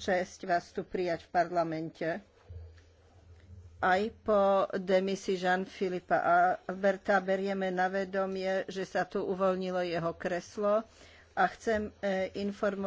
čest vás tu prijať v parlamente. Aj po demisii Jean-Philippa Alberta berieme na vedomie, že sa tu uvoľnilo jeho kreslo a chcem eh, informovať